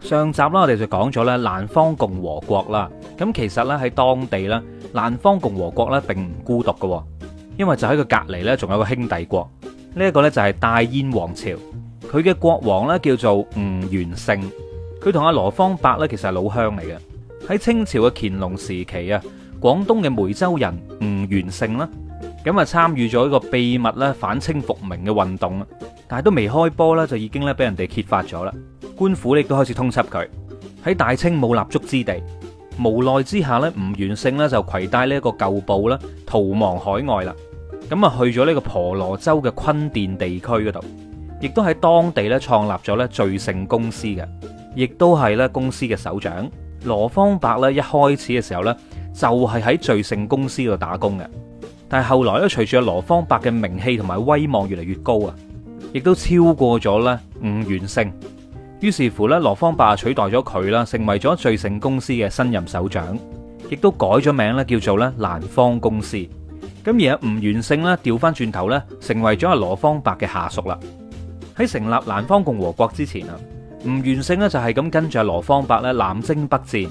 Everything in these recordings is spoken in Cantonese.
上集啦，我哋就講咗咧南方共和國啦。咁其實咧喺當地咧，南方共和國咧並唔孤獨嘅，因為就喺佢隔籬咧，仲有一個兄弟國。呢、這、一個咧就係戴燕王朝，佢嘅國王咧叫做吳元盛，佢同阿羅芳伯咧其實係老鄉嚟嘅。喺清朝嘅乾隆時期啊，廣東嘅梅州人吳元盛啦，咁啊參與咗一個秘密咧反清復明嘅運動啊，但係都未開波啦，就已經咧俾人哋揭發咗啦。官府亦都開始通緝佢，喺大清冇立足之地，無奈之下咧，吳元盛咧就攜帶呢一個舊部啦，逃亡海外啦。咁啊，去咗呢個婆羅洲嘅坤甸地區嗰度，亦都喺當地咧創立咗咧聚盛公司嘅，亦都係咧公司嘅首長羅芳伯咧。一開始嘅時候咧，就係、是、喺聚盛公司度打工嘅，但係後來咧，隨住羅芳伯嘅名氣同埋威望越嚟越高啊，亦都超過咗咧吳元盛。於是乎咧，羅芳伯取代咗佢啦，成為咗聚盛公司嘅新任首長，亦都改咗名咧，叫做咧蘭芳公司。咁而阿吳元盛咧，調翻轉頭咧，成為咗阿羅芳伯嘅下屬啦。喺成立蘭芳共和國之前啊，吳元盛咧就係咁跟住阿羅芳伯咧南征北戰，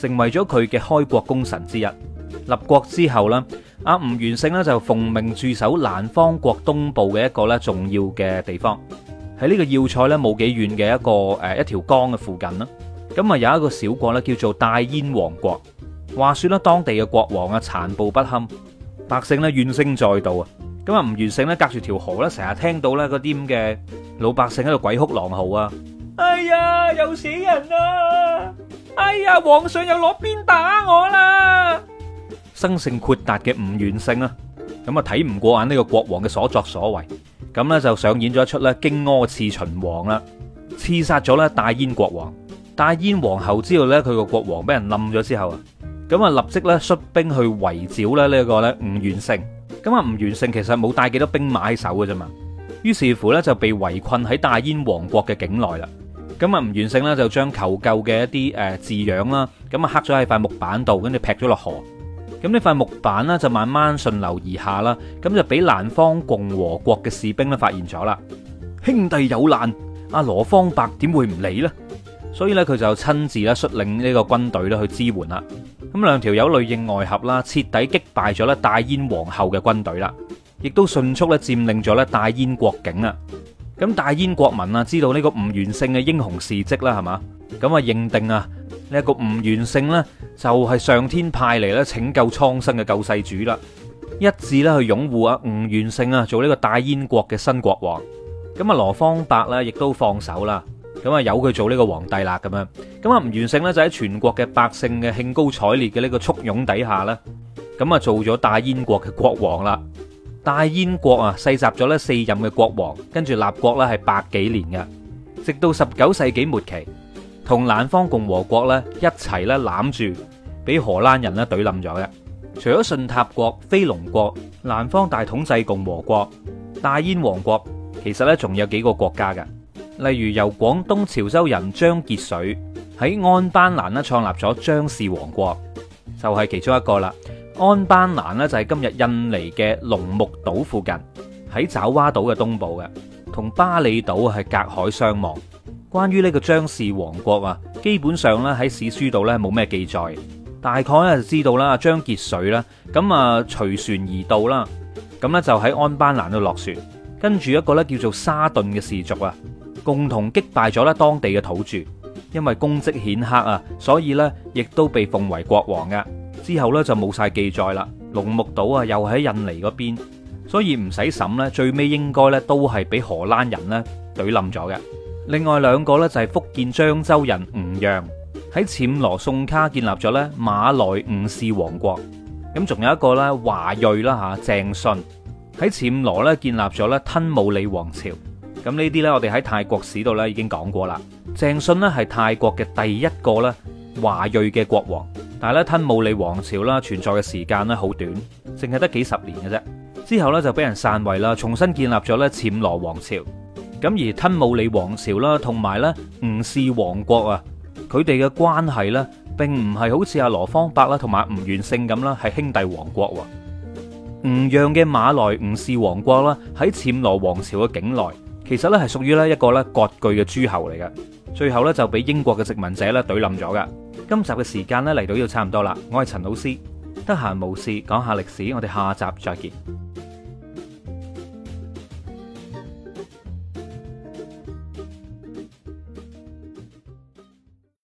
成為咗佢嘅開國功臣之一。立國之後阿吳元盛咧就奉命駐守蘭芳國東部嘅一個咧重要嘅地方。喺呢個要塞咧冇幾遠嘅一個誒一條江嘅附近啦，咁啊有一個小國咧叫做戴燕王國。話說咧，當地嘅國王啊殘暴不堪，百姓咧怨聲載道啊。咁啊吳元勝咧隔住條河咧，成日聽到咧嗰啲咁嘅老百姓喺度鬼哭狼嚎啊！哎呀，又死人啦！哎呀，皇上又攞鞭打我啦！生性豁達嘅吳元勝啊，咁啊睇唔過眼呢個國王嘅所作所為。咁呢就上演咗一出咧，荊軻刺秦王啦，刺殺咗咧戴燕國王。戴燕王后知道咧佢個國王俾人冧咗之後啊，咁啊立即咧率兵去圍剿咧呢個咧吳元勝。咁啊吳元勝其實冇帶幾多兵馬喺手㗎啫嘛，於是乎咧就被圍困喺戴燕王國嘅境內啦。咁啊吳元勝呢就將求救嘅一啲誒字樣啦，咁啊刻咗喺塊木板度，跟住劈咗落河。咁呢塊木板呢，就慢慢順流而下啦，咁就俾南方共和國嘅士兵咧發現咗啦。「兄弟有難，阿羅方伯點會唔理呢？」所以咧，佢就親自咧率領呢個軍隊咧去支援啦。咁兩條友類應外合啦，徹底擊敗咗咧戴燕皇后嘅軍隊啦，亦都迅速咧佔領咗咧戴燕國境啦。咁戴燕國民啊，知道呢個吳元勝嘅英雄事跡啦，係嘛？咁啊認定啊。呢一個吳元盛呢，就係上天派嚟咧拯救蒼生嘅救世主啦，一致咧去擁護阿吳元盛啊，做呢個大燕國嘅新國王。咁啊，羅方伯啦，亦都放手啦，咁啊，由佢做呢個皇帝啦，咁樣。咁啊，吳元盛呢，就喺全國嘅百姓嘅興高采烈嘅呢個簇擁底下呢，咁啊，做咗大燕國嘅國王啦。大燕國啊，世襲咗咧四任嘅國王，跟住立國啦係百幾年嘅，直到十九世紀末期。同南方共和國咧一齊咧攬住，俾荷蘭人咧懟冧咗嘅。除咗順塔國、飛龍國、南方大統制共和國、戴燕王國，其實咧仲有幾個國家嘅。例如由廣東潮州人張傑水喺安班蘭咧創立咗張氏王國，就係、是、其中一個啦。安班蘭咧就係今日印尼嘅龍目島附近，喺爪哇島嘅東部嘅，同巴里島係隔海相望。關於呢個張氏王國啊，基本上咧喺史書度咧冇咩記載，大概咧就知道啦。張傑水啦，咁啊隨船而到啦，咁咧就喺安班蘭度落船，跟住一個咧叫做沙頓嘅氏族啊，共同擊敗咗咧當地嘅土著，因為功績顯赫啊，所以咧亦都被奉為國王嘅。之後咧就冇晒記載啦。龍目島啊，又喺印尼嗰邊，所以唔使審咧，最尾應該咧都係俾荷蘭人咧懟冧咗嘅。另外兩個咧就係福建漳州人吳陽喺暹羅宋卡建立咗咧馬來五士王國，咁仲有一個咧華裔啦嚇鄭信喺暹羅咧建立咗咧吞武里王朝，咁呢啲咧我哋喺泰國史度咧已經講過啦。鄭信咧係泰國嘅第一個咧華裔嘅國王，但係咧吞武里王朝啦存在嘅時間咧好短，淨係得幾十年嘅啫。之後咧就俾人篡位啦，重新建立咗咧暹羅王朝。咁而吞武里王朝啦，同埋咧吳氏王國啊，佢哋嘅關係呢，並唔係好似阿羅芳伯啦，同埋吳元盛咁啦，係兄弟王國。吳恙嘅馬來吳氏王國啦，喺暹羅王朝嘅境內，其實呢係屬於呢一個咧割據嘅諸侯嚟嘅。最後呢，就俾英國嘅殖民者咧懟冧咗噶。今集嘅時間呢，嚟到呢度差唔多啦，我係陳老師，得閒無事講下歷史，我哋下集再見。